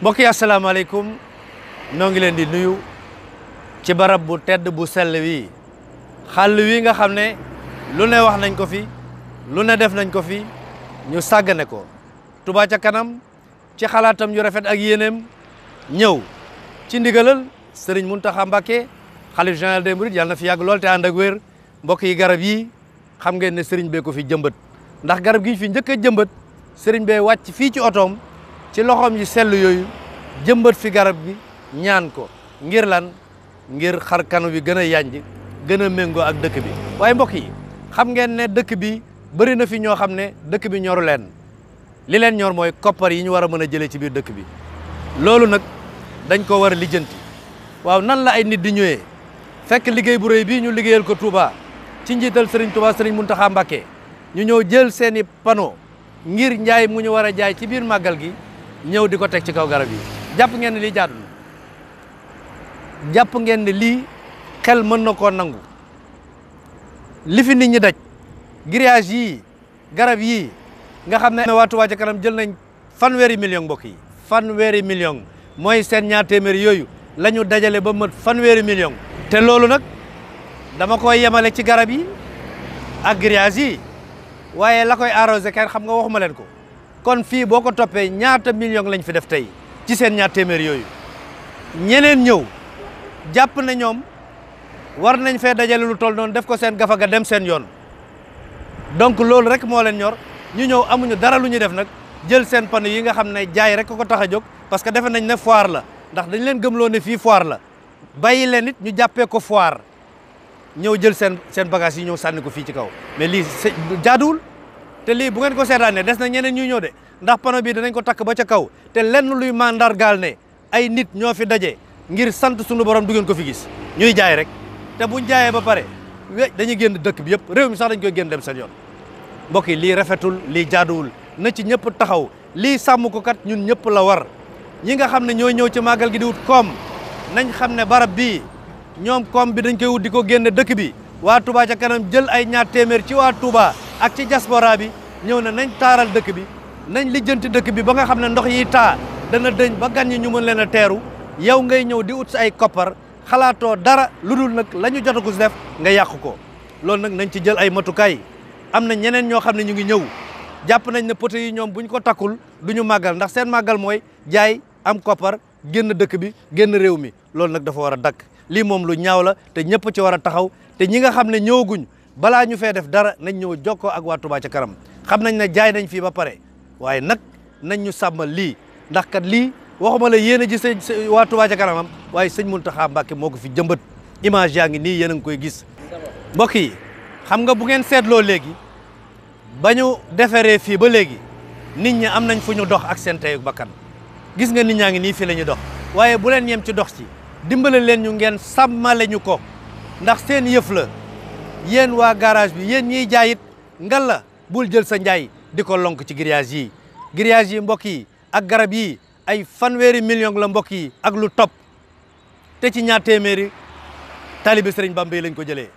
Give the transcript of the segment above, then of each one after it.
mbokk yi asalaamaaleykum noo ngi leen di nuyu ci barab bu tedd bu sell wii xàll wii nga xam ne lu ne wax nañ ko fi lu ne def nañ ko fi ñu sàggane ko Touba ca kanam ci xalaatam yu rafet ak yéeneem ñëw ci ndigalal sëriñ Mountakha Mbacké xalif général des mourides yàlla na fi yàgg lool te ànd ak wér mbokk yi garab yi xam ngeen ne sëriñ bee ko fi jëmbat ndax garab gi fi njëkk a jëmbat sëriñ bee wàcc fii ci otoom ci loxoom yi sell yooyu jëmbat fi garab gi ñaan ko ngir lan ngir xar kanu bi gën a yànj gën a méngoo ak dëkk bi waaye mbokk yi xam ngeen ne dëkk bi bëri na fi ñoo xam ne dëkk bi ñoru leen li leen ñor mooy koppor yi ñu war a mën a jëlee ci biir dëkk bi loolu nag dañ ko war a lijjanti waaw nan la ay nit di ñëwee fekk liggéey bu rëy bii ñu liggéeyal ko Touba ci njiital Serigne Touba Serigne Mountakha Mbacké ñu ñëw jël seeni pano ngir njaay mu ñu war a jaay ci biir màggal gi ñëw di ko teg ci kaw garab yi jàpp ngeen ne lii jaadul jàpp ngeen ne lii xel mën na koo nangu li fi nit ñi daj grillage yii garab yii nga xam ne watu Touba kanam jël nañ fan weeri million mbokk yi fanweeri million mooy seen ñaar téeméer yooyu lañu dajale ba mat fanweeri million te loolu nag dama koy yemale ci garab yi ak grillage yi waaye la koy arrosé kenn xam nga waxuma leen ko kon fii boo ko toppee ñaata million lañ fi def tey ci seen ñaar téeméer yooyu ñeneen ñëw jàpp na ñoom war nañ fee dajale lu toll noonu def ko seen gafa ga dem seen yoon donc loolu rek moo leen ñor ñu ñëw amuñu dara lu ñuy def nag jël seen panne yi nga xam ne jaay rek ko tax a jóg parce que defe nañ ne foire la ndax dañ leen gëmloo ne fii foire la bàyyi leen it ñu jàppee ko foire ñëw jël seen seen bagage yi ñëw sànni ko fii ci kaw mais lii jaaduwul te lii bu ngeen ko seetaanee des na ñeneen ñuy ñëw de ndax panneau bi dañ ko takk ba ca kaw te lenn luy mandargaal ne ay nit ñoo fi daje ngir sant sunu borom du ngeen ko fi gis ñuy jaay rek te bu jaayee ba pare dañuy génn dëkk bi yëpp reew mi sax dañ ko génn dem seen yoon mbokk yi lii rafetul lii jaaduwul na ci ñëpp taxaw lii sàmm ko kat ñun ñëpp la war ñi nga xam ne ñoo ñëw ci màggal gi di wut koom nañ xam ne barab bi ñoom kom bi dañ koy wut di ko génne dëkk bi waa Touba ca kanam jël ay ñaar téeméer ci waa Touba ak ci diaspora bi ñëw na nañ taaral dëkk bi nañ lijjanti dëkk bi ba nga xam ne ndox yi taa dana dëñ ba gan ñi ñu mën leen a teeru yow ngay ñëw di ut ay koppar xalaatoo dara lu dul nag la ñu jotagu si nga yàq ko loolu nag nañ ci jël ay matukaay am na ñeneen ñoo xam ne ñu ngi ñëw jàpp nañ ne poteaux yi ñoom buñ ko takkul du ñu màggal ndax seen màggal mooy jaay am koppar génn dëkk bi génn réew mi loolu nag dafa war a dakk lii moom lu ñaaw la te ñëpp ci war a taxaw te ñi nga xam ne ñëwaguñ balaa ñu fee def dara nañ ñëw jokkoo ak waa Touba ca kanam xam nañ ne jaay nañ fii ba pare waaye nag nañ ñu sàmmal lii ndax kat lii waxuma la yéen a ji sëñ waa Touba ca kanamam waaye sëñ Mountakha Mbacké moo ko fi jëmbat image yaa ngi nii yéen a ngi koy gis mbokk yi xam nga bu ngeen seetloo léegi ba ñu defaree fii ba léegi nit ñi am nañ fu ñu dox ak seen teyu bakkan gis nga nit ñaa ngi nii fii la ñu dox waaye bu leen yem ci dox ci dimbale leen ñu ngeen sàmmale ko ndax seen yëf la yéen waa garage bi yéen ñiy jaayit ngal la bul jël sa njaay di ko lonk ci grillage yi grillage yi mbokk yi ak garab yi ay fanweeri million la mbokk yi ak lu topp te ci ñaar téeméeri taalibe Serigne Bamba yi lañ ko jëlee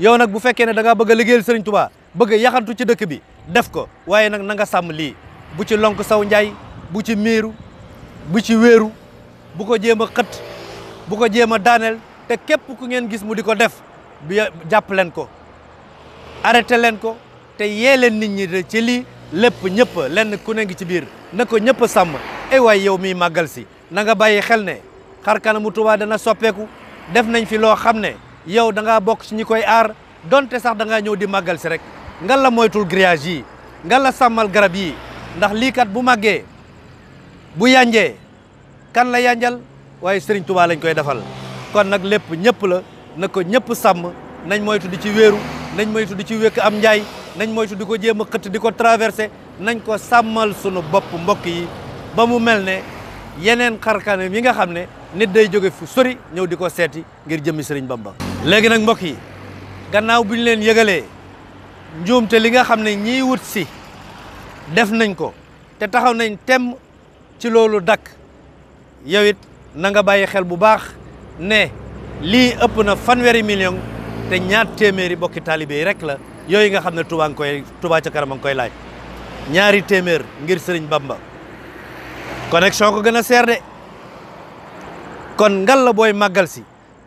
yow nag bu fekkee ne da ngaa bëgg a liggéeyal Serigne bëgg a yaxantu ci dëkk bi def ko waaye nag nanga nga sàmm lii bu ci lonk saw njaay bu ci miiru bu ci weeru bu ko jéem a xët bu ko jéem a daaneel te képp ku ngeen gis mu di ko def jàpp leen ko arrêté leen ko te yee leen nit ñi ci lii lépp ñëpp lenn ku ne ngi ci biir na ko ñëpp sàmm ay eh waay yow miy màggal si na nga bàyyi xel ne xar mu Tuubaa dana soppeeku def nañ fi loo xam ne yow da ngaa bokk si ñi koy aar donte sax da ngaa ñëw di màggal si rek nga la moytul grillage yi nga la sàmmal garab yi ndax lii kat bu màggee bu yànjee kan la yanjal waaye Sëriñ Tuubaa lañ koy defal kon nag lépp ñëpp la na ko ñëpp sàmm nañ moytu di ci wéeru nañ moytu di ci wékk am njaay nañ moytu di ko jéem a xëtt di ko traversé nañ ko sàmmal sunu bopp mbokk yi ba mu mel ne yeneen xarkanam yi nga xam ne nit day jóge fu sori ñëw di ko seeti ngir jëmmi sëriñ Bamba léegi nag mbokk yi gannaaw bu leen yëgalee njuumte li nga xam ne ñii wut si def nañ ko te taxaw nañ tem ci loolu dakk yow it na nga bàyyi xel bu baax ne lii ëpp na fanweeri million te ñaar téeméeri bokki taalibe yi rek la yooyu nga xam ne Touba ngi koy Touba ca kanam a koy laaj ñaari téeméer ngir Sëriñ Bamba connexion ko gën a seer de kon ngal la booy màggal si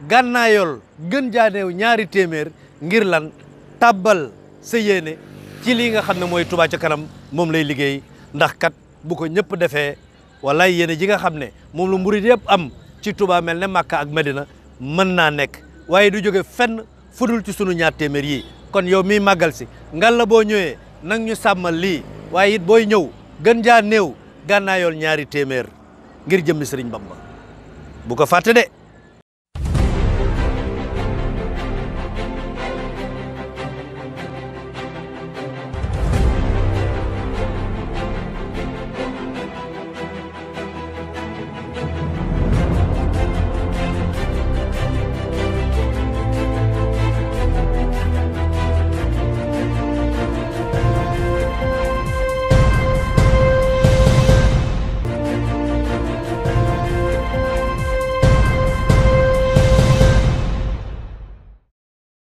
gànnaayool gën jaaneew ñaari téeméer ngir lan tàbbal sa yéene ci lii nga xam ne mooy Touba ca kanam moom lay liggéey ndax kat bu ko ñëpp defee walaay yéene ji nga xam ne moom lu murid yépp am ci Touba mel ne Makka ak Medina mën naa nekk waaye du jóge fenn fudul ci sunu ñaar téeméer yi kon yow miy màggal si ngal la boo ñëwee nag ñu sàmmal lii waaye it booy ñëw gën jaa néew gànnaayool ñaari téeméer ngir jëmmi sëriñ Bamba bu ko fàtte